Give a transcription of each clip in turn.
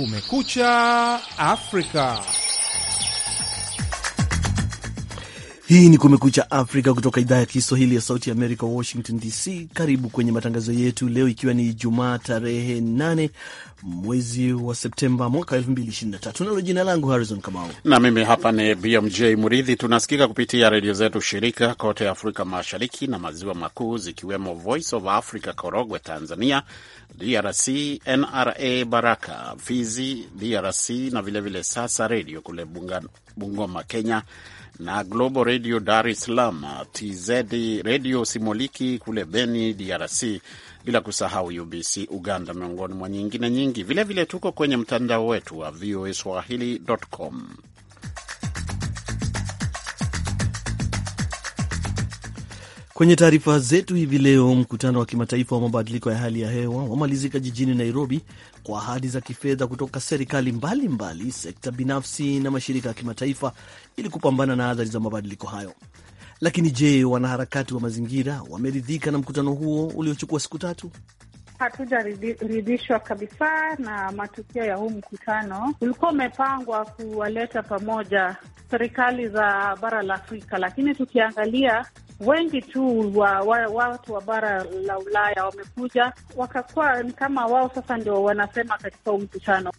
Kumekucha Afrika. Hii ni Kumekucha Afrika kutoka idhaa ya Kiswahili ya Sauti ya Amerika, Washington DC. Karibu kwenye matangazo yetu leo, ikiwa ni Jumaa tarehe 8 mwezi wa Septemba mwaka 2023. Nalo jina langu Harrison Kamau na mimi hapa ni BMJ Muridhi. Tunasikika kupitia redio zetu shirika kote Afrika Mashariki na Maziwa Makuu, zikiwemo Voice of Africa Korogwe Tanzania, DRC NRA Baraka Fizi DRC, na vilevile vile Sasa Redio kule Bungoma Kenya, na Global Radio Dar es Salaam, TZ Radio Simuliki kule Beni, DRC, bila kusahau UBC Uganda, miongoni mwa nyingine nyingi. Vilevile vile tuko kwenye mtandao wetu wa VOA swahili.com. Kwenye taarifa zetu hivi leo, mkutano wa kimataifa wa mabadiliko ya hali ya hewa wamalizika jijini Nairobi kwa ahadi za kifedha kutoka serikali mbalimbali mbali, sekta binafsi na mashirika ya kimataifa ili kupambana na athari za mabadiliko hayo. Lakini je, wanaharakati wa mazingira wameridhika na mkutano huo uliochukua siku tatu? Hatujaridhishwa kabisa na matukio ya huu mkutano. Ulikuwa umepangwa kuwaleta pamoja serikali za bara la Afrika, lakini tukiangalia wengi tu wa, wa, watu wa bara la Ulaya wamekuja wakakuwa ni kama wao sasa ndio wanasema katika mkutano.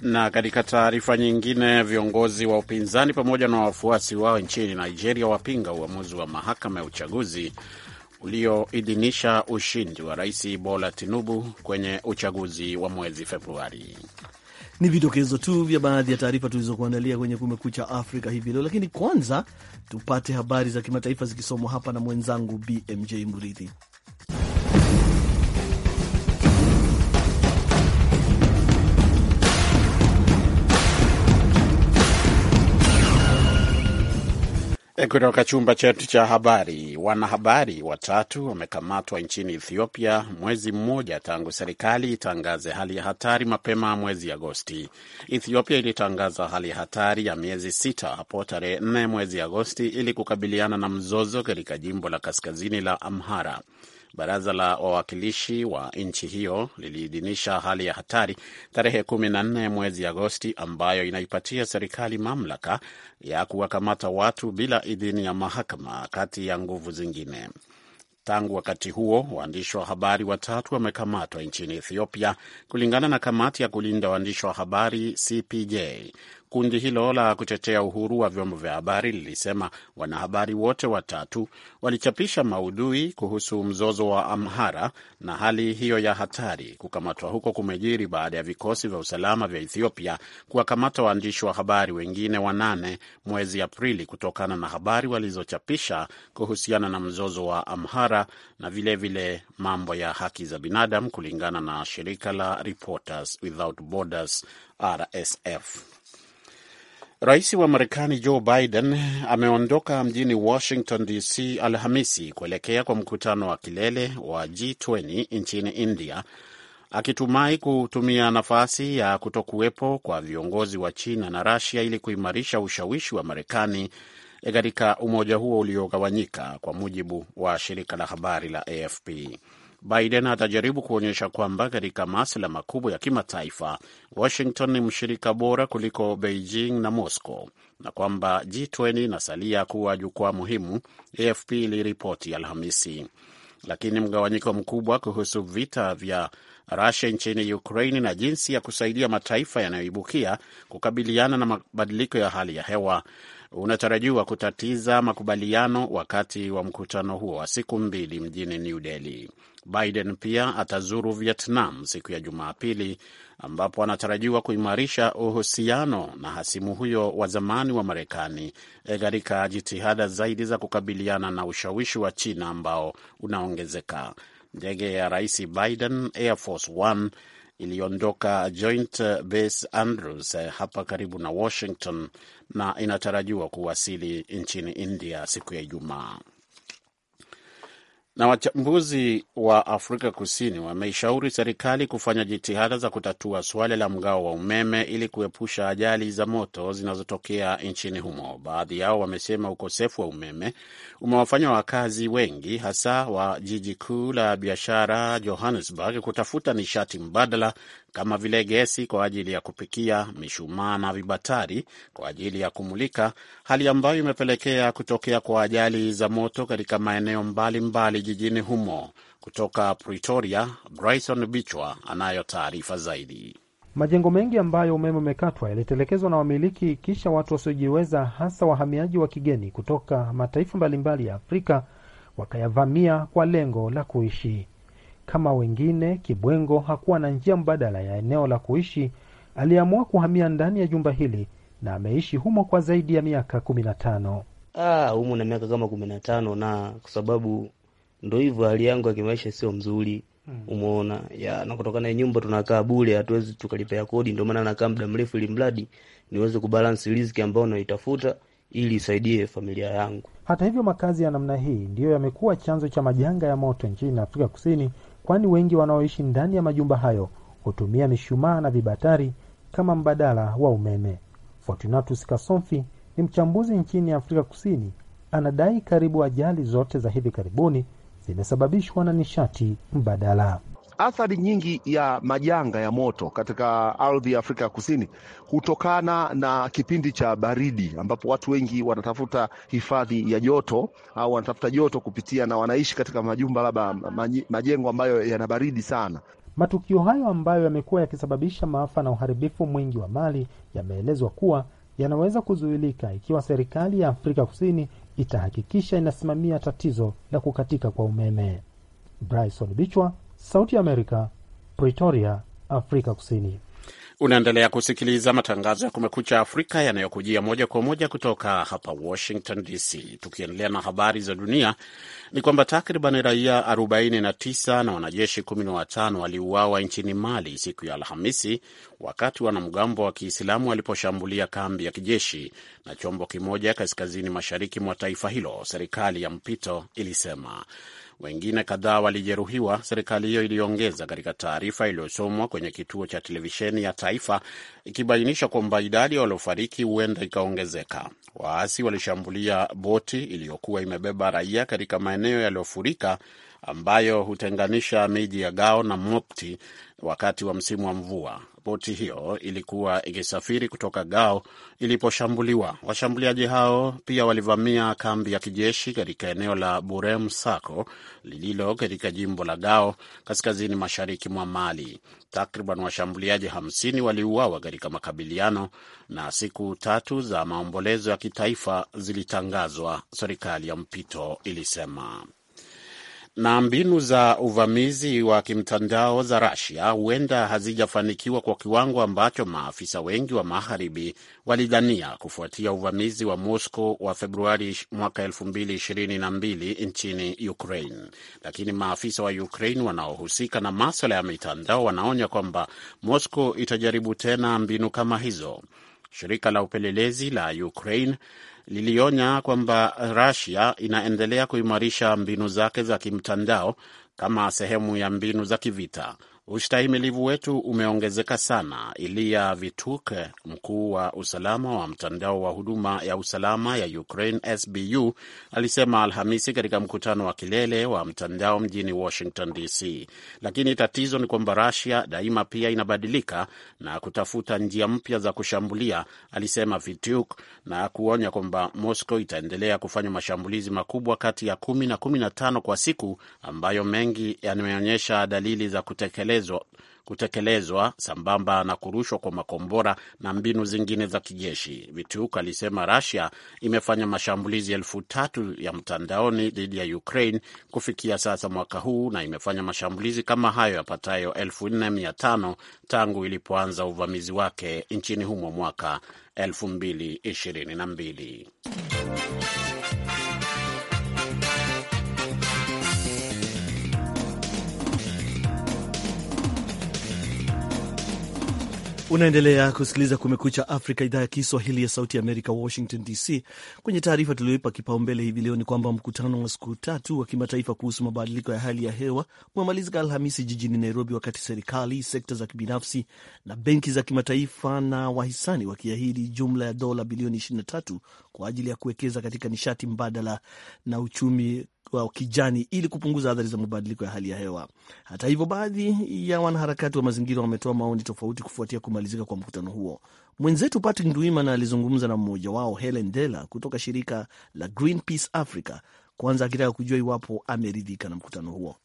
Na katika taarifa nyingine, viongozi wa upinzani pamoja na wafuasi wao nchini Nigeria wapinga uamuzi wa mahakama ya uchaguzi ulioidhinisha ushindi wa Rais Bola Tinubu kwenye uchaguzi wa mwezi Februari. Ni vidokezo tu vya baadhi ya taarifa tulizokuandalia kwenye Kumekucha Afrika hivi leo, lakini kwanza tupate habari za kimataifa zikisomwa hapa na mwenzangu BMJ Murithi. Eh, kutoka chumba chetu cha habari. Wanahabari watatu wamekamatwa nchini Ethiopia mwezi mmoja tangu serikali itangaze hali ya hatari mapema mwezi Agosti. Ethiopia ilitangaza hali ya hatari ya miezi sita hapo tarehe nne mwezi Agosti ili kukabiliana na mzozo katika jimbo la kaskazini la Amhara. Baraza la wawakilishi wa nchi hiyo liliidhinisha hali ya hatari tarehe kumi na nne mwezi Agosti, ambayo inaipatia serikali mamlaka ya kuwakamata watu bila idhini ya mahakama, kati ya nguvu zingine. Tangu wakati huo waandishi wa habari watatu wamekamatwa nchini Ethiopia, kulingana na kamati ya kulinda waandishi wa habari CPJ. Kundi hilo la kutetea uhuru wa vyombo vya habari lilisema wanahabari wote watatu walichapisha maudhui kuhusu mzozo wa Amhara na hali hiyo ya hatari. Kukamatwa huko kumejiri baada ya vikosi vya usalama vya Ethiopia kuwakamata waandishi wa habari wengine wanane mwezi Aprili kutokana na habari walizochapisha kuhusiana na mzozo wa Amhara na vilevile vile mambo ya haki za binadamu, kulingana na shirika la Reporters Without Borders, RSF. Rais wa Marekani Joe Biden ameondoka mjini Washington DC Alhamisi kuelekea kwa mkutano wa kilele wa G20 nchini India, akitumai kutumia nafasi ya kutokuwepo kwa viongozi wa China na Rasia ili kuimarisha ushawishi wa Marekani katika umoja huo uliogawanyika, kwa mujibu wa shirika la habari la AFP. Biden atajaribu kuonyesha kwamba katika masuala makubwa ya kimataifa Washington ni mshirika bora kuliko Beijing na Moscow na kwamba G20 inasalia kuwa jukwaa muhimu, AFP iliripoti Alhamisi. Lakini mgawanyiko mkubwa kuhusu vita vya Rusia nchini ukraini na jinsi ya kusaidia mataifa yanayoibukia kukabiliana na mabadiliko ya hali ya hewa unatarajiwa kutatiza makubaliano wakati wa mkutano huo wa siku mbili mjini New Delhi. Biden pia atazuru Vietnam siku ya Jumapili, ambapo anatarajiwa kuimarisha uhusiano na hasimu huyo wa zamani wa Marekani eh, katika jitihada zaidi za kukabiliana na ushawishi wa China ambao unaongezeka. Ndege ya Rais Biden, Air Force One iliondoka Joint Base Andrews eh, hapa karibu na Washington na inatarajiwa kuwasili nchini India siku ya Ijumaa. Na wachambuzi wa Afrika Kusini wameishauri serikali kufanya jitihada za kutatua suala la mgao wa umeme ili kuepusha ajali za moto zinazotokea nchini humo. Baadhi yao wamesema ukosefu wa umeme umewafanya wakazi wengi hasa wa jiji kuu la biashara Johannesburg kutafuta nishati mbadala kama vile gesi kwa ajili ya kupikia, mishumaa na vibatari kwa ajili ya kumulika, hali ambayo imepelekea kutokea kwa ajali za moto katika maeneo mbalimbali mbali jijini humo. Kutoka Pretoria, Bryson Bichwa anayo taarifa zaidi. Majengo mengi ambayo umeme umekatwa yalitelekezwa na wamiliki, kisha watu wasiojiweza, hasa wahamiaji wa kigeni kutoka mataifa mbalimbali ya Afrika wakayavamia kwa lengo la kuishi. Kama wengine, Kibwengo hakuwa na njia mbadala ya eneo la kuishi. Aliamua kuhamia ndani ya jumba hili na ameishi humo kwa zaidi ya miaka kumi na tano. Ah, humo na miaka kama kumi na tano, na kwa sababu ndo hivyo, hali yangu ya kimaisha sio mzuri mm. Umeona ya na kutokana na nyumba tunakaa bure, hatuwezi tukalipea kodi, ndio maana nakaa muda mrefu, ili mradi niweze kubalance riziki ambayo naitafuta ili isaidie familia yangu. Hata hivyo, makazi ya namna hii ndiyo yamekuwa chanzo cha majanga ya moto nchini Afrika Kusini kwani wengi wanaoishi ndani ya majumba hayo hutumia mishumaa na vibatari kama mbadala wa umeme. Fortunatus Kasomfi ni mchambuzi nchini Afrika Kusini, anadai karibu ajali zote za hivi karibuni zimesababishwa na nishati mbadala. Athari nyingi ya majanga ya moto katika ardhi ya Afrika ya Kusini hutokana na kipindi cha baridi, ambapo watu wengi wanatafuta hifadhi ya joto au wanatafuta joto kupitia na wanaishi katika majumba labda majengo ambayo yana baridi sana. Matukio hayo ambayo yamekuwa yakisababisha maafa na uharibifu mwingi wa mali yameelezwa kuwa yanaweza kuzuilika ikiwa serikali ya Afrika Kusini itahakikisha inasimamia tatizo la kukatika kwa umeme. Bryson Bichwa, Sauti ya Amerika, Pretoria, Afrika Kusini. Unaendelea kusikiliza matangazo ya Kumekucha Afrika yanayokujia moja kwa moja kutoka hapa Washington DC. Tukiendelea na habari za dunia, ni kwamba takriban raia 49 na wanajeshi 15 waliuawa nchini Mali siku ya Alhamisi wakati wanamgambo wa Kiislamu waliposhambulia kambi ya kijeshi na chombo kimoja kaskazini mashariki mwa taifa hilo, serikali ya mpito ilisema. Wengine kadhaa walijeruhiwa, serikali hiyo iliongeza katika taarifa iliyosomwa kwenye kituo cha televisheni ya taifa ikibainisha kwamba idadi ya waliofariki huenda ikaongezeka. Waasi walishambulia boti iliyokuwa imebeba raia katika maeneo yaliyofurika ambayo hutenganisha miji ya Gao na Mopti wakati wa msimu wa mvua. Boti hiyo ilikuwa ikisafiri kutoka Gao iliposhambuliwa. Washambuliaji hao pia walivamia kambi ya kijeshi katika eneo la Burem Sako lililo katika jimbo la Gao, kaskazini mashariki mwa Mali. Takriban washambuliaji 50 waliuawa katika makabiliano, na siku tatu za maombolezo ya kitaifa zilitangazwa, serikali ya mpito ilisema na mbinu za uvamizi wa kimtandao za rasia huenda hazijafanikiwa kwa kiwango ambacho maafisa wengi wa magharibi walidhania kufuatia uvamizi wa Moscow wa Februari mwaka 2022 nchini Ukraine. Lakini maafisa wa Ukraine wanaohusika na maswala ya mitandao wanaonya kwamba Moscow itajaribu tena mbinu kama hizo. Shirika la upelelezi la Ukraine lilionya kwamba Russia inaendelea kuimarisha mbinu zake za kimtandao kama sehemu ya mbinu za kivita Ustahimilivu wetu umeongezeka sana, Iliya vituk mkuu wa usalama wa mtandao wa huduma ya usalama ya Ukraine SBU, alisema Alhamisi katika mkutano wa kilele wa mtandao mjini Washington DC. Lakini tatizo ni kwamba rasia daima pia inabadilika na kutafuta njia mpya za kushambulia, alisema Vituk na kuonya kwamba Moscow itaendelea kufanya mashambulizi makubwa kati ya kumi na kumi na tano kwa siku, ambayo mengi yameonyesha dalili za kutekeleza kutekelezwa sambamba na kurushwa kwa makombora na mbinu zingine za kijeshi. Vituku alisema rasia imefanya mashambulizi elfu tatu ya mtandaoni dhidi ya Ukraine kufikia sasa mwaka huu na imefanya mashambulizi kama hayo yapatayo elfu nne mia tano tangu ilipoanza uvamizi wake nchini humo mwaka elfu mbili ishirini na mbili. Unaendelea kusikiliza Kumekucha Afrika, idhaa ya Kiswahili ya Sauti ya Amerika, Washington DC. Kwenye taarifa tulioipa kipaumbele hivi leo ni kwamba mkutano wa siku tatu wa kimataifa kuhusu mabadiliko ya hali ya hewa umemalizika Alhamisi jijini Nairobi, wakati serikali, sekta za kibinafsi na benki za kimataifa na wahisani wakiahidi jumla ya dola bilioni 23 kwa ajili ya kuwekeza katika nishati mbadala na uchumi wa kijani ili kupunguza athari za mabadiliko ya hali ya hewa. Hata hivyo, baadhi ya wanaharakati wa mazingira wametoa maoni tofauti kufuatia kumalizika kwa mkutano huo. Mwenzetu Patrick Ndwimana alizungumza na mmoja wao, Helen Dela kutoka shirika la Greenpeace Africa, kwanza akitaka kujua iwapo ameridhika na mkutano huo.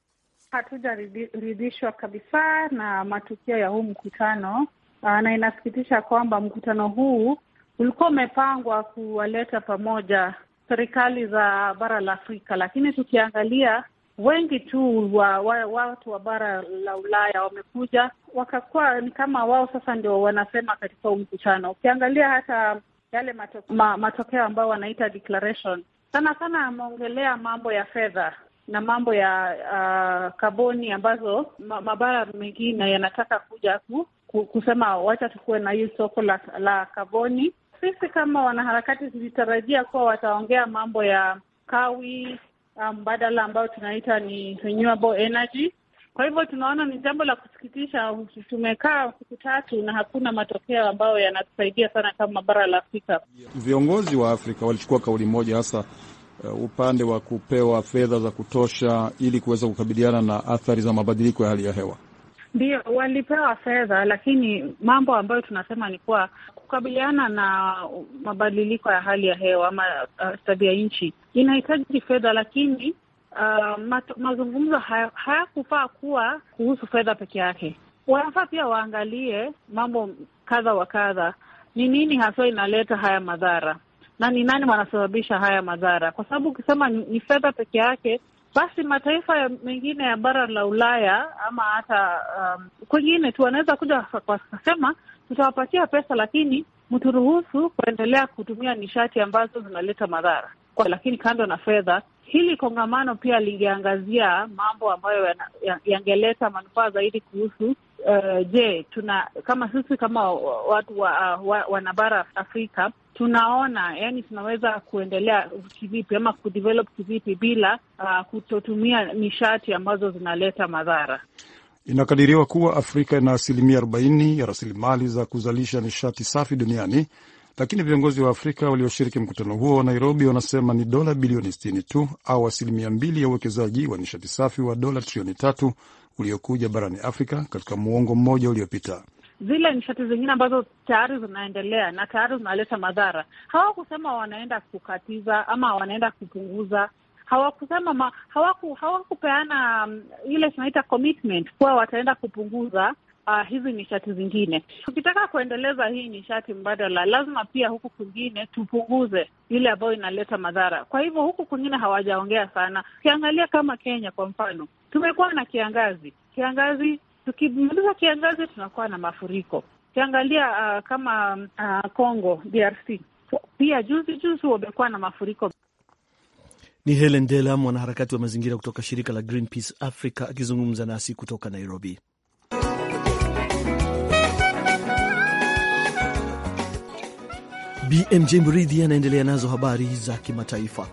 Hatujaridhishwa kabisa na matukio ya huu mkutano ah, na inasikitisha kwamba mkutano huu ulikuwa umepangwa kuwaleta pamoja serikali za bara la Afrika, lakini tukiangalia wengi tu wa, wa, watu wa bara la Ulaya wamekuja wakakuwa ni kama wao sasa ndio wanasema katika huu mkutano. Ukiangalia hata yale matoke, ma, matokeo ambayo wanaita declaration, sana sana ameongelea mambo ya fedha na mambo ya uh, kaboni ambazo ma, mabara mengine yanataka kuja ku, ku, kusema wacha tukuwe na hii soko la, la kaboni sisi kama wanaharakati tulitarajia kuwa wataongea mambo ya kawi ah, mbadala um, ambayo tunaita ni renewable energy. Kwa hivyo tunaona ni jambo la kusikitisha. Tumekaa siku tatu na hakuna matokeo ambayo yanatusaidia sana kama bara la Afrika. Viongozi wa Afrika walichukua kauli moja, hasa uh, upande wa kupewa fedha za kutosha ili kuweza kukabiliana na athari za mabadiliko ya hali ya hewa. Ndio, walipewa fedha, lakini mambo ambayo tunasema ni kuwa kukabiliana na mabadiliko ya hali ya hewa ama uh, tabia nchi inahitaji fedha, lakini uh, mazungumzo hayakufaa haya kuwa kuhusu fedha peke yake. Wanafaa pia waangalie mambo kadha wa kadha, ni nini haswa inaleta haya madhara na ni nani wanasababisha haya madhara, kwa sababu ukisema ni fedha peke yake basi mataifa mengine ya bara la Ulaya ama hata um, kwengine tu wanaweza kuja wakasema tutawapatia pesa, lakini mturuhusu kuendelea kutumia nishati ambazo zinaleta madhara kwa, lakini kando na fedha, hili kongamano pia lingeangazia mambo ambayo yangeleta ya, ya manufaa zaidi kuhusu uh, je, tuna kama sisi kama watu wa, wa, wanabara Afrika tunaona yani, tunaweza kuendelea kivipi ama kudevelop kivipi bila uh, kutotumia nishati ambazo zinaleta madhara. Inakadiriwa kuwa Afrika ina asilimia arobaini ya rasilimali za kuzalisha nishati safi duniani, lakini viongozi wa Afrika walioshiriki mkutano huo wa Nairobi wanasema ni dola bilioni 60 tu au asilimia mbili ya uwekezaji wa nishati safi wa dola trilioni tatu uliokuja barani Afrika katika muongo mmoja uliopita zile nishati zingine ambazo tayari zinaendelea na tayari zinaleta madhara. Hawakusema wanaenda kukatiza ama wanaenda kupunguza, hawakusema hawakupeana hawaku um, ile tunaita commitment kuwa wataenda kupunguza uh, hizi nishati zingine. Tukitaka kuendeleza hii nishati mbadala, lazima pia huku kwingine tupunguze ile ambayo inaleta madhara. Kwa hivyo huku kwingine hawajaongea sana. Ukiangalia kama Kenya kwa mfano, tumekuwa na kiangazi kiangazi, tukimaliza kiangazi tunakuwa na mafuriko. Ukiangalia uh, kama uh, Congo DRC pia juzi juzi wamekuwa na mafuriko. Ni Helen Dela, mwanaharakati wa mazingira kutoka shirika la Greenpeace Africa akizungumza nasi kutoka Nairobi. BMJ Mridhi anaendelea nazo habari za kimataifa.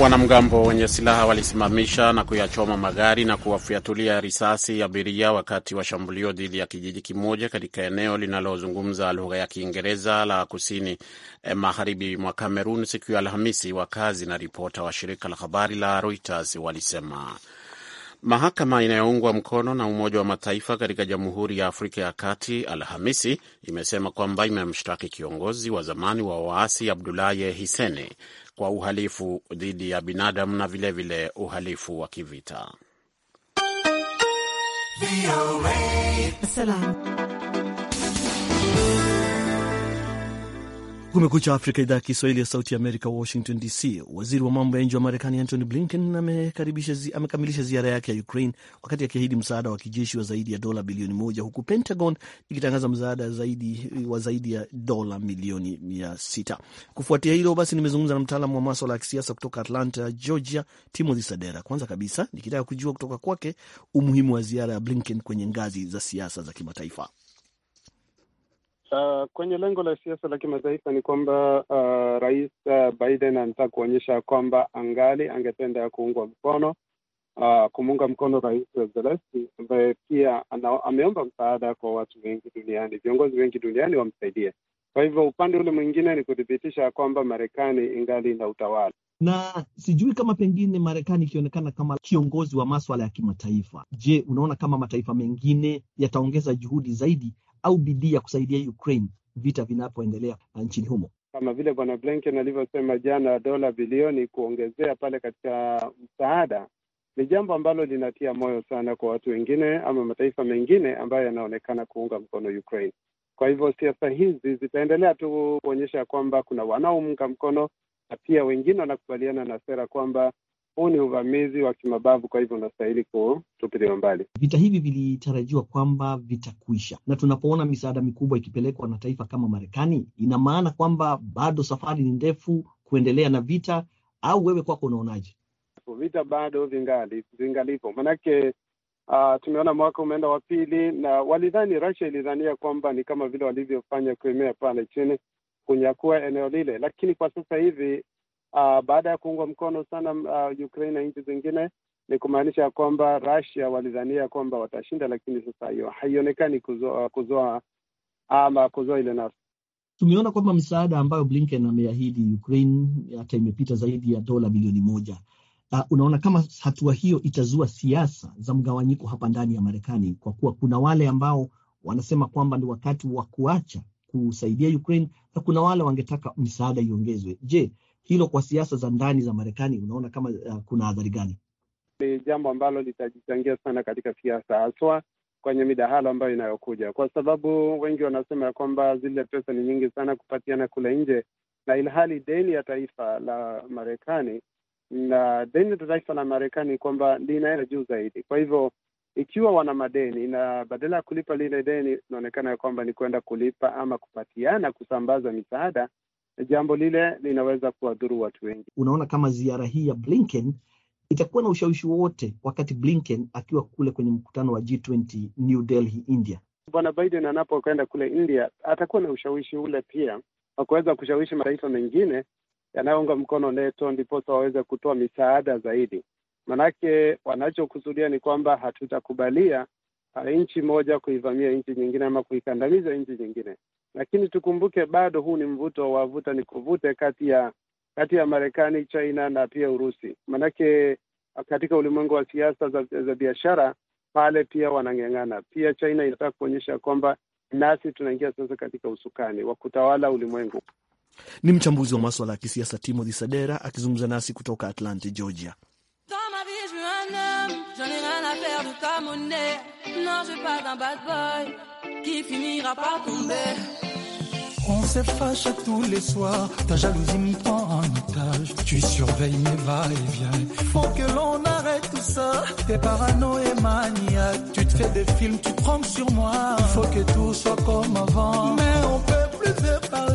Wanamgambo wenye silaha walisimamisha na kuyachoma magari na kuwafyatulia risasi abiria wakati wa shambulio dhidi ya kijiji kimoja katika eneo linalozungumza lugha ya Kiingereza la kusini eh, magharibi mwa Kamerun siku ya Alhamisi, wakazi na ripota wa shirika la habari la Reuters walisema. Mahakama inayoungwa mkono na Umoja wa Mataifa katika Jamhuri ya Afrika ya Kati Alhamisi imesema kwamba imemshtaki kiongozi wa zamani wa waasi Abdulaye Hiseni kwa uhalifu dhidi ya binadamu na vilevile vile uhalifu wa kivita. Kumekucha Afrika, idhaa ya Kiswahili ya Sauti ya Amerika, Washington DC. Waziri wa mambo ya nje wa Marekani Antony Blinken amekamilisha ziara yake ya Ukraine wakati akiahidi msaada wa kijeshi wa zaidi ya dola bilioni moja huku Pentagon ikitangaza msaada zaidi wa zaidi ya dola milioni mia sita. Kufuatia hilo basi, nimezungumza na mtaalamu wa maswala ya kisiasa kutoka Atlanta, Georgia, Timothy Sadera. Kwanza kabisa nikitaka kujua kutoka kwake umuhimu wa ziara ya Blinken kwenye ngazi za siasa za kimataifa. Uh, kwenye lengo la siasa la kimataifa ni kwamba uh, Rais uh, Biden anataka kuonyesha kwamba angali angependa kuungwa mkono uh, kumuunga mkono Rais Zelenski ambaye pia ana, ameomba msaada kwa watu wengi duniani, viongozi wengi duniani wamsaidie. Kwa hivyo upande ule mwingine ni kuthibitisha kwamba Marekani ingali ina utawala na sijui kama pengine Marekani ikionekana kama kiongozi wa maswala ya kimataifa. Je, unaona kama mataifa mengine yataongeza juhudi zaidi au bidii ya kusaidia Ukraine vita vinapoendelea nchini humo. Kama vile Bwana Blinken alivyosema jana, dola bilioni kuongezea pale katika msaada ni jambo ambalo linatia moyo sana kwa watu wengine ama mataifa mengine ambayo yanaonekana kuunga mkono Ukraine. Kwa hivyo siasa hizi zitaendelea tu kuonyesha kwamba kuna wanaomunga mkono na pia wengine wanakubaliana na sera kwamba huu ni uvamizi wa kimabavu, kwa hivyo unastahili kutupiliwa mbali. Vita hivi vilitarajiwa kwamba vitakuisha, na tunapoona misaada mikubwa ikipelekwa na taifa kama Marekani, ina maana kwamba bado safari ni ndefu kuendelea na vita, au wewe kwako unaonaje? Vita bado vingali vingalipo, manake uh, tumeona mwaka umeenda wa pili, na walidhani Russia ilidhania kwamba ni kama vile walivyofanya Crimea pale chini, kunyakua eneo lile, lakini kwa sasa hivi uh, baada ya kuungwa mkono sana uh, Ukraine na nchi zingine, ni kumaanisha kwamba Russia walidhania kwamba watashinda, lakini sasa hiyo haionekani ah, kuzoa, ama kuzoa ile nafsi. Tumeona kwamba misaada ambayo Blinken ameahidi Ukraine hata imepita zaidi ya dola bilioni moja. Uh, unaona kama hatua hiyo itazua siasa za mgawanyiko hapa ndani ya Marekani, kwa kuwa kuna wale ambao wanasema kwamba ni wakati wa kuacha kusaidia Ukraine na kuna wale wangetaka msaada iongezwe. Je, hilo kwa siasa za ndani za Marekani, unaona kama uh, kuna adhari gani? Ni jambo ambalo litajichangia sana katika siasa, haswa kwenye midahalo ambayo inayokuja, kwa sababu wengi wanasema ya kwamba zile pesa ni nyingi sana kupatiana kule nje, na ilhali deni ya taifa la Marekani na deni la taifa la Marekani kwamba linaenda juu zaidi. Kwa hivyo ikiwa wana madeni na badala ya kulipa lile deni, inaonekana ya kwamba ni kwenda kulipa ama kupatiana, kusambaza misaada jambo lile linaweza kuwadhuru watu wengi. Unaona kama ziara hii ya Blinken itakuwa na ushawishi wowote wakati Blinken akiwa kule kwenye mkutano wa G20 New Delhi, India? Bwana Biden anapokwenda kule India atakuwa na ushawishi ule pia wa kuweza kushawishi mataifa mengine yanayounga mkono NATO ndiposa waweze kutoa misaada zaidi. Manake wanachokusudia ni kwamba hatutakubalia ah, nchi moja kuivamia nchi nyingine ama kuikandamiza nchi nyingine lakini tukumbuke bado huu ni mvuto wa vuta ni kuvute kati ya kati ya Marekani, China na pia Urusi, manake uh, katika ulimwengu wa siasa za, za biashara pale pia wanang'ang'ana. Pia China inataka kuonyesha kwamba nasi tunaingia sasa katika usukani wa kutawala ulimwengu. Ni mchambuzi wa maswala ya kisiasa Timothy Sadera akizungumza nasi kutoka Atlanta, Georgia. On se fâche tous les soirs, ta jalousie me prend en otage. Tu surveilles mes va-et-vient. Faut que l'on arrête tout ça, t'es parano et maniaque. Tu te fais des films, tu prends sur moi. Faut que tout soit comme avant, mais on peut plus te parler.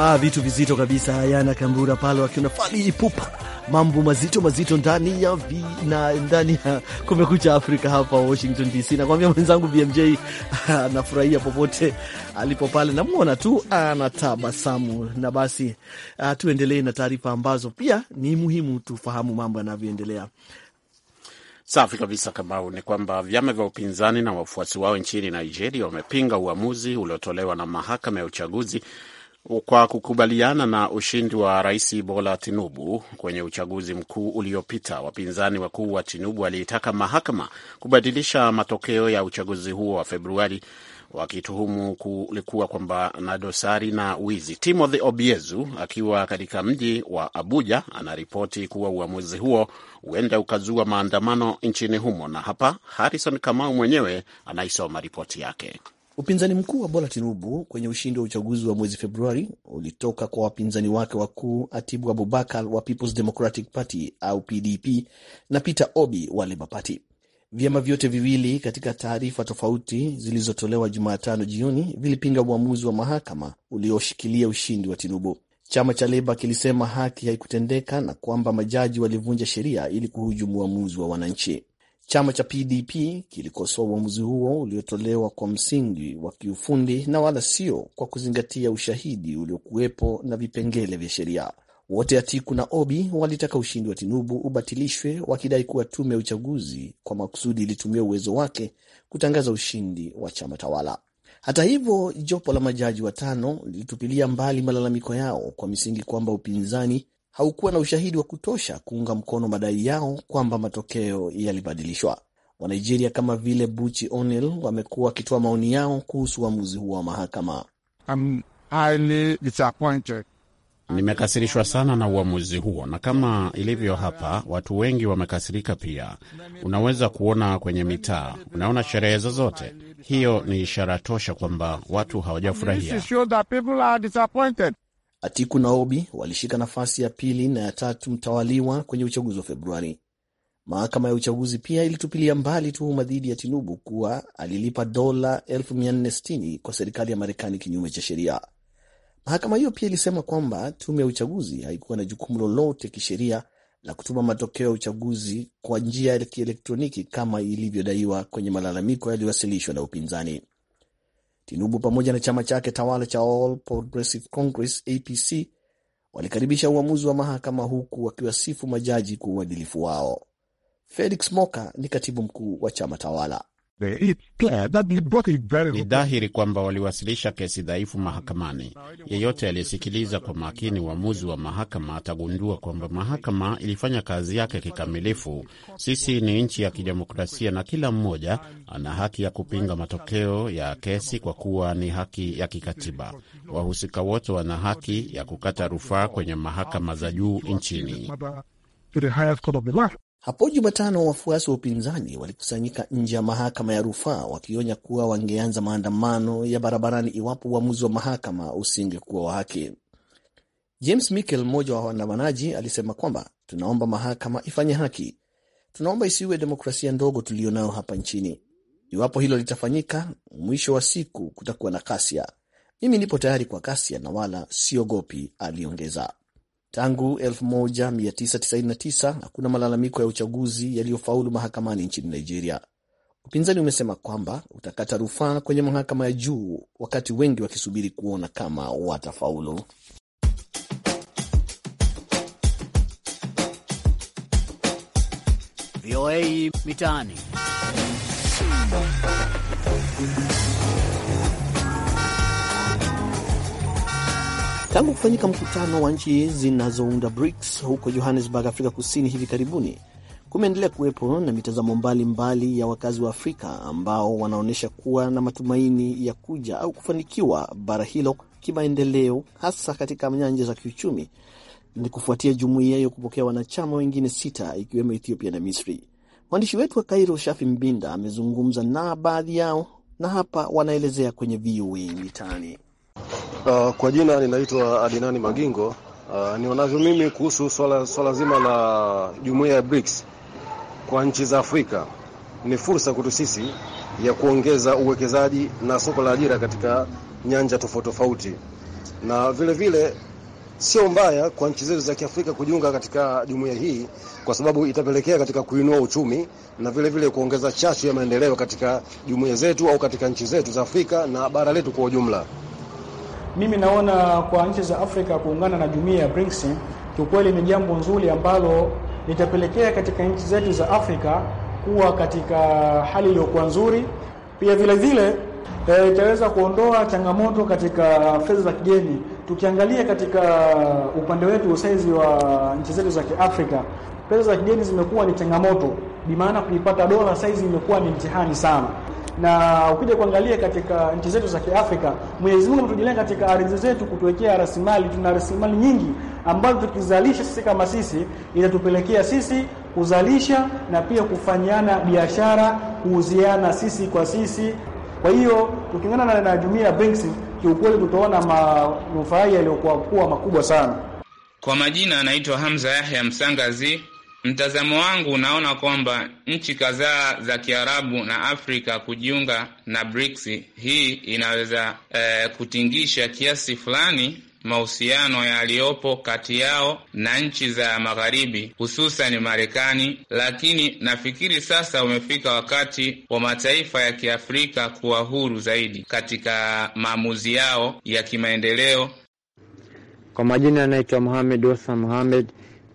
Ah, vitu vizito kabisa. Yana Kambura pale wakiona fali Ipupa mambo mazito mazito ndani ya vi, na ndani ya Kumekucha Afrika hapa Washington DC. Nakwambia mwenzangu BMJ anafurahia popote alipo pale, namwona tu anatabasamu. Na basi ah, tuendelee na taarifa ambazo pia ni muhimu tufahamu mambo yanavyoendelea. Safi kabisa, Kamau. Ni kwamba vyama vya upinzani na wafuasi wao nchini Nigeria wamepinga uamuzi uliotolewa na mahakama ya uchaguzi kwa kukubaliana na ushindi wa rais Bola Tinubu kwenye uchaguzi mkuu uliopita. Wapinzani wakuu wa Tinubu waliitaka mahakama kubadilisha matokeo ya uchaguzi huo wa Februari wakituhumu kulikuwa kwamba na dosari na wizi. Timothy Obiezu akiwa katika mji wa Abuja anaripoti kuwa uamuzi huo huenda ukazua maandamano nchini humo, na hapa Harrison Kamau mwenyewe anaisoma ripoti yake. Upinzani mkuu wa Bola Tinubu kwenye ushindi wa uchaguzi wa mwezi Februari ulitoka kwa wapinzani wake wakuu Atibu Abubakar wa Peoples Democratic Party au PDP na Peter Obi wa Labour Party. Vyama vyote viwili katika taarifa tofauti zilizotolewa Jumatano jioni vilipinga uamuzi wa mahakama ulioshikilia ushindi wa Tinubu. Chama cha Leba kilisema haki haikutendeka na kwamba majaji walivunja sheria ili kuhujumu uamuzi wa wananchi. Chama cha PDP kilikosoa uamuzi huo uliotolewa kwa msingi wa kiufundi na wala sio kwa kuzingatia ushahidi uliokuwepo na vipengele vya sheria. Wote Atiku na Obi walitaka ushindi wa Tinubu ubatilishwe wakidai kuwa tume ya uchaguzi kwa makusudi ilitumia uwezo wake kutangaza ushindi wa chama tawala. Hata hivyo, jopo la majaji watano lilitupilia mbali malalamiko yao kwa misingi kwamba upinzani haukuwa na ushahidi wa kutosha kuunga mkono madai yao kwamba matokeo yalibadilishwa. Wanigeria kama vile Buchi onel wamekuwa wakitoa maoni yao kuhusu uamuzi huo wa mahakama. I'm highly disappointed Nimekasirishwa sana na uamuzi huo, na kama ilivyo hapa, watu wengi wamekasirika pia. Unaweza kuona kwenye mitaa, unaona sherehe zozote. Hiyo ni ishara tosha kwamba watu hawajafurahia. Atiku na Obi walishika nafasi ya pili na ya tatu mtawaliwa kwenye uchaguzi wa Februari. Mahakama ya uchaguzi pia ilitupilia mbali tuhuma dhidi ya Tinubu kuwa alilipa dola 460 kwa serikali ya Marekani kinyume cha sheria. Mahakama hiyo pia ilisema kwamba tume ya uchaguzi haikuwa na jukumu lolote kisheria la kutuma matokeo ya uchaguzi kwa njia ya kielektroniki kama ilivyodaiwa kwenye malalamiko yaliyowasilishwa na upinzani. Tinubu pamoja na chama chake tawala cha All Progressive Congress APC walikaribisha uamuzi wa mahakama huku wakiwasifu majaji kwa uadilifu wao. Felix Moka ni katibu mkuu wa chama tawala. Ni dhahiri kwamba waliwasilisha kesi dhaifu mahakamani. Yeyote aliyesikiliza kwa makini uamuzi wa mahakama atagundua kwamba mahakama ilifanya kazi yake kikamilifu. Sisi ni nchi ya kidemokrasia na kila mmoja ana haki ya kupinga matokeo ya kesi kwa kuwa ni haki ya kikatiba. Wahusika wote wana haki ya kukata rufaa kwenye mahakama za juu nchini. Hapo Jumatano, wafuasi wa upinzani walikusanyika nje ya mahakama ya rufaa wakionya kuwa wangeanza maandamano ya barabarani iwapo uamuzi wa mahakama usingekuwa wa haki. James Mikel, mmoja wa waandamanaji, alisema kwamba tunaomba mahakama ifanye haki, tunaomba isiwe demokrasia ndogo tuliyo nayo hapa nchini. Iwapo hilo litafanyika, mwisho wa siku kutakuwa na kasia. Mimi nipo tayari kwa kasia na wala siogopi, aliongeza tangu 1999 hakuna malalamiko ya uchaguzi yaliyofaulu mahakamani nchini Nigeria. Upinzani umesema kwamba utakata rufaa kwenye mahakama ya juu, wakati wengi wakisubiri kuona kama watafaulu. VOA Mitaani. Tangu kufanyika mkutano wa nchi zinazounda BRICS huko Johannesburg, Afrika Kusini hivi karibuni, kumeendelea kuwepo na mitazamo mbalimbali ya wakazi wa Afrika ambao wanaonyesha kuwa na matumaini ya kuja au kufanikiwa bara hilo kimaendeleo, hasa katika nyanja za kiuchumi. Ni kufuatia jumuiya hiyo kupokea wanachama wengine sita ikiwemo Ethiopia na Misri. Mwandishi wetu wa Kairo, Shafi Mbinda, amezungumza na baadhi yao na hapa wanaelezea kwenye VOA Mitaani. Uh, kwa jina ninaitwa Adinani Magingo. Uh, nionavyo mimi kuhusu swala, swala zima la jumuiya ya BRICS kwa nchi za Afrika ni fursa kwetu sisi ya kuongeza uwekezaji na soko la ajira katika nyanja tofauti tofauti, na vile vile sio mbaya kwa nchi zetu za Kiafrika kujiunga katika jumuiya hii, kwa sababu itapelekea katika kuinua uchumi na vile vile kuongeza chachu ya maendeleo katika jumuiya zetu au katika nchi zetu za Afrika na bara letu kwa ujumla. Mimi naona kwa nchi za Afrika kuungana na jumuiya ya BRICS kiukweli ni jambo nzuri ambalo litapelekea katika nchi zetu za Afrika kuwa katika hali iliyokuwa nzuri. Pia vile vile eh, itaweza e, kuondoa changamoto katika fedha za kigeni. Tukiangalia katika upande wetu usaizi wa nchi zetu za Kiafrika, fedha za kigeni zimekuwa ni changamoto, bimaana kuipata dola saizi imekuwa ni mtihani sana na ukija kuangalia katika nchi zetu za Kiafrika Mwenyezi Mungu ametujalia katika ardhi zetu kutuwekea rasilimali tuna rasilimali nyingi ambazo tukizalisha sisi kama sisi itatupelekea sisi kuzalisha na pia kufanyana biashara kuuziana sisi kwa sisi kwa hiyo tukiungana na, na Jumia Banks kiukweli tutaona manufaa yaliyokuwa makubwa sana kwa majina anaitwa Hamza Yahya Msangazi Mtazamo wangu unaona kwamba nchi kadhaa za Kiarabu na Afrika kujiunga na BRICS, hii inaweza eh, kutingisha kiasi fulani mahusiano yaliyopo kati yao na nchi za Magharibi, hususan Marekani. Lakini nafikiri sasa umefika wakati wa mataifa ya Kiafrika kuwa huru zaidi katika maamuzi yao ya kimaendeleo. Kwa majina yanaitwa Mohamed Othman Mohamed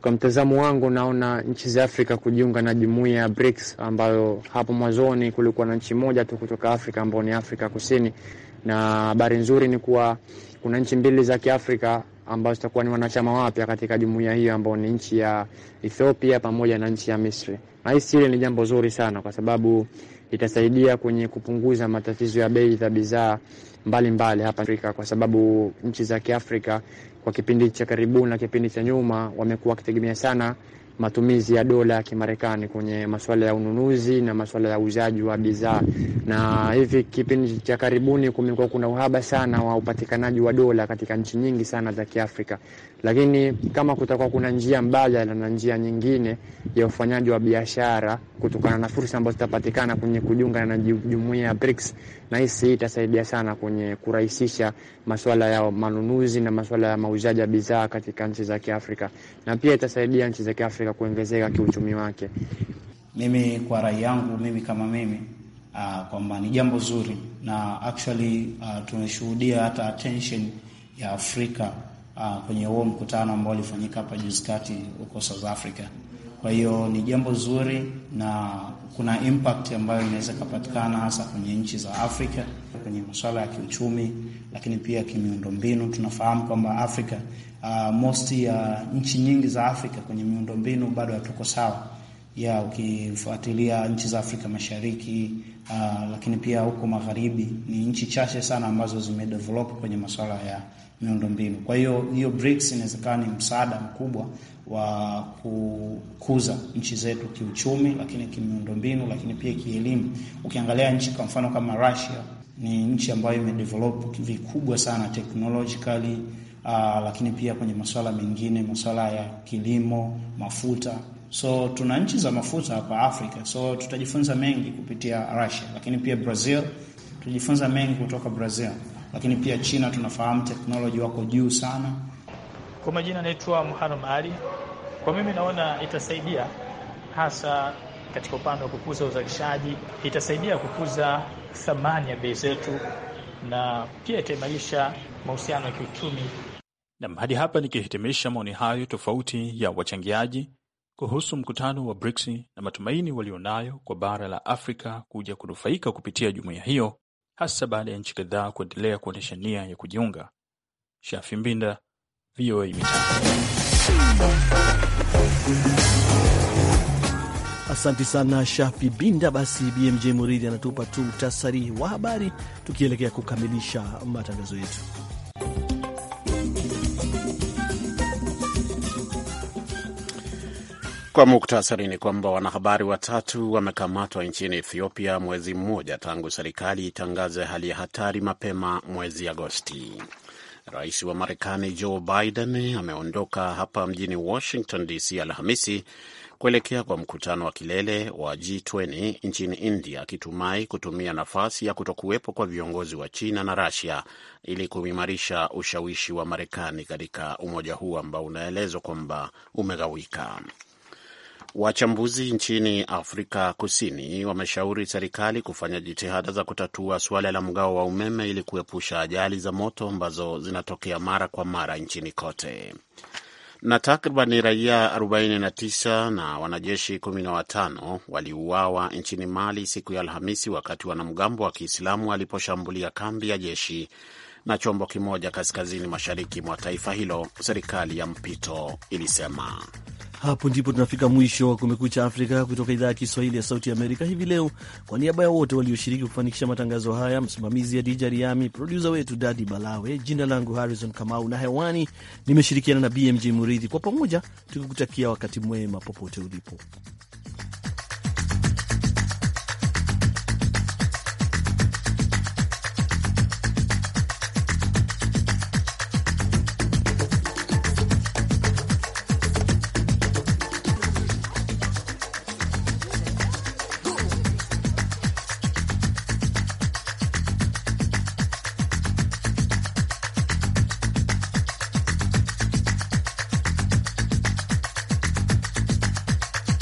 kwa mtazamo wangu, naona nchi za Afrika kujiunga na jumuiya ya BRICS ambayo hapo mwanzoni kulikuwa na nchi moja tu kutoka Afrika ambayo ni Afrika Kusini, na habari nzuri ni kuwa kuna nchi mbili za Kiafrika ambazo zitakuwa ni wanachama wapya katika jumuiya hiyo ambao ni nchi ya Ethiopia pamoja na nchi ya Misri. Nahisi hili ni jambo zuri sana, kwa sababu itasaidia kwenye kupunguza matatizo ya bei za bidhaa mbalimbali hapa Afrika, kwa sababu nchi za Kiafrika kwa kipindi cha karibuni na kipindi cha nyuma wamekuwa wakitegemea sana matumizi ya dola ya Kimarekani kwenye masuala ya ununuzi na masuala ya uuzaji wa bidhaa, na hivi kipindi cha karibuni kumekuwa kuna uhaba sana wa upatikanaji wa dola katika nchi nyingi sana za Kiafrika, lakini kama kutakuwa kuna njia mbadala na njia nyingine ya ufanyaji wa biashara kutokana na fursa ambazo zitapatikana kwenye kujiunga na jumuiya ya BRICS, na hisi itasaidia sana kwenye kurahisisha masuala ya manunuzi na masuala ya mauzaji ya bidhaa katika nchi za Kiafrika, na pia itasaidia nchi za Kiafrika kuongezeka kiuchumi wake. Mimi kwa rai yangu, mimi kama mimi uh, kwamba ni jambo zuri na actually uh, tumeshuhudia hata attention ya Afrika uh, kwenye huo mkutano ambao ulifanyika hapa juzi kati huko South Africa. Kwa hiyo ni jambo zuri na kuna impact ambayo inaweza ikapatikana hasa kwenye nchi za Afrika kwenye masuala ya kiuchumi, lakini pia kimiundombinu. Tunafahamu kwamba Afrika uh, most ya uh, nchi nyingi za Afrika kwenye miundombinu bado hatuko sawa ya ukifuatilia nchi za Afrika Mashariki uh, lakini pia huko magharibi ni nchi chache sana ambazo zimedevelop kwenye masuala ya miundombinu. Kwa hiyo hiyo BRICS inawezekana ni msaada mkubwa wa kukuza nchi zetu kiuchumi, lakini kimiundombinu, lakini pia kielimu. Ukiangalia nchi kwa mfano kama Russia ni nchi ambayo imedevelop vikubwa sana technologically, uh, lakini pia kwenye masuala mengine, masuala ya kilimo, mafuta. So tuna nchi za mafuta hapa Afrika, so tutajifunza mengi kupitia Russia, lakini pia Brazil, tujifunza mengi kutoka Brazil lakini pia China tunafahamu teknoloji wako juu sana. Kwa majina naitwa Muharram Ali. Kwa mimi naona itasaidia hasa katika upande wa kukuza uzalishaji, itasaidia kukuza thamani ya bei zetu na pia itaimarisha mahusiano ya kiuchumi. Nam, hadi hapa nikihitimisha maoni hayo tofauti ya wachangiaji kuhusu mkutano wa BRICS na matumaini walionayo kwa bara la Afrika kuja kunufaika kupitia jumuiya hiyo hasa baada ya nchi kadhaa kuendelea kuonyesha nia ya kujiunga. Shafi Mbinda, VOA Mitaa. Asante sana Shafi Binda. Basi BMJ Muridhi anatupa tu mtasari wa habari tukielekea kukamilisha matangazo yetu. Kwa muktasari ni kwamba wanahabari watatu wamekamatwa nchini Ethiopia mwezi mmoja tangu serikali itangaze hali ya hatari mapema mwezi Agosti. Rais wa Marekani Joe Biden ameondoka hapa mjini Washington DC Alhamisi kuelekea kwa mkutano wa kilele wa G20 nchini India, akitumai kutumia nafasi ya kutokuwepo kwa viongozi wa China na Russia ili kuimarisha ushawishi wa Marekani katika umoja huu ambao unaelezwa kwamba umegawika. Wachambuzi nchini Afrika Kusini wameshauri serikali kufanya jitihada za kutatua suala la mgao wa umeme ili kuepusha ajali za moto ambazo zinatokea mara kwa mara nchini kote. Na takriban raia 49 na wanajeshi 15 waliuawa nchini Mali siku ya Alhamisi wakati wanamgambo wa Kiislamu waliposhambulia kambi ya jeshi na chombo kimoja kaskazini mashariki mwa taifa hilo, serikali ya mpito ilisema. Hapo ndipo tunafika mwisho wa Kumekucha Afrika kutoka idhaa ya Kiswahili ya Sauti Amerika hivi leo. Kwa niaba ya wote walioshiriki kufanikisha matangazo haya, msimamizi ya DJ Riami, produsa wetu Dadi Balawe, jina langu Harrison Kamau na hewani nimeshirikiana na BMJ Muridhi, kwa pamoja tukikutakia wakati mwema popote ulipo.